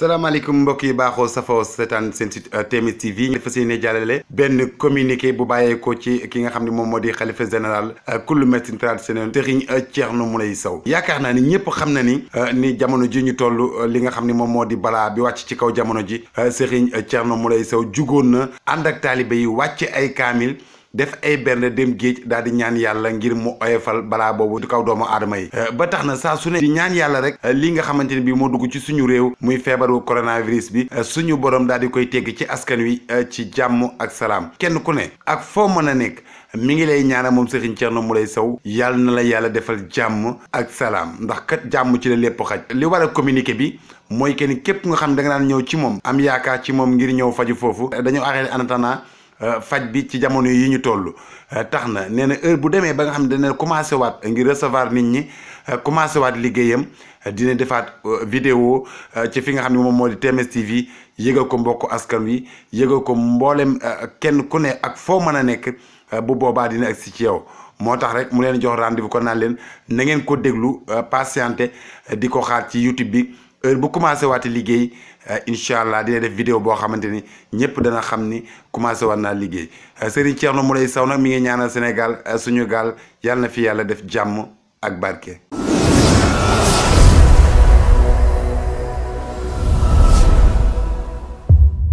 salaamaaleykum mbokk yi baaxoo safoo seetaan seen site euh, TMS TV ñu fas yéene jàllale benn communiqué bu bàyyeekoo ci ki nga xam ne moom moo di xalifa général euh, kullu médecine traditionnelle Serigne euh, Thierno lay Sow yaakaar naa ni ñëpp xam na ni ni jamono ji ñu toll li nga xam ni moom moo di balaa bi wàcc ci kaw jamono ji Serigne mu Moulay Sow jugoon na ànd ak taalibe yi wàcc ay kaamil def ay benn dem géej daal di ñaan yàlla ngir mu oyofal balaa boobu kaw doomu aadama yi euh, ba tax na saa su ne di ñaan yàlla rek euh, li nga xamante ne bi moo dugg ci suñu réew muy feebaru coronavirus bi euh, suñu borom daal di koy tegg ci askan wi ci jàmm ak salaam kenn ku ne ak foo mën a nekk mi ngi lay ñaana moom na mu Moulay Sow yàlla na la yàlla defal jàmm ak salaam ndax kat jàmm ci la lépp xaj li war a communiqué bi mooy kenn képp nga xam da nga naan ñëw ci moom am yaakaar ci moom ngir ñëw faju foofu Euh, faj bi ci jamono yi ñu toll euh, tax na nee na heure bu demee ba nga xam ne dana commencé waat ngir recevoir nit ñi euh, commencé waat liggéeyam dina defaat vidéo ci fi nga xam ne moom moo di TMS TV yëgal ko mbokk askan wi yëgal ko mbooleem kenn ku ne ak foo mën a nekk bu boobaa dina ak si ci yow moo tax rek mu leen jox rendez-vous ko naan leen na ngeen ko déglu patienté di ko xaar ci YouTube bi heure bu commencé waati liggéey euh, incha allah dina def vidéo boo xamante ni ñëpp dana xam ni commencé waat naa liggéey euh, Serigne Thierno Moulay Sow nag mi ngi ñaanal Sénégal euh, suñu gaal yàlla na fi yàlla def jàmm ak barke.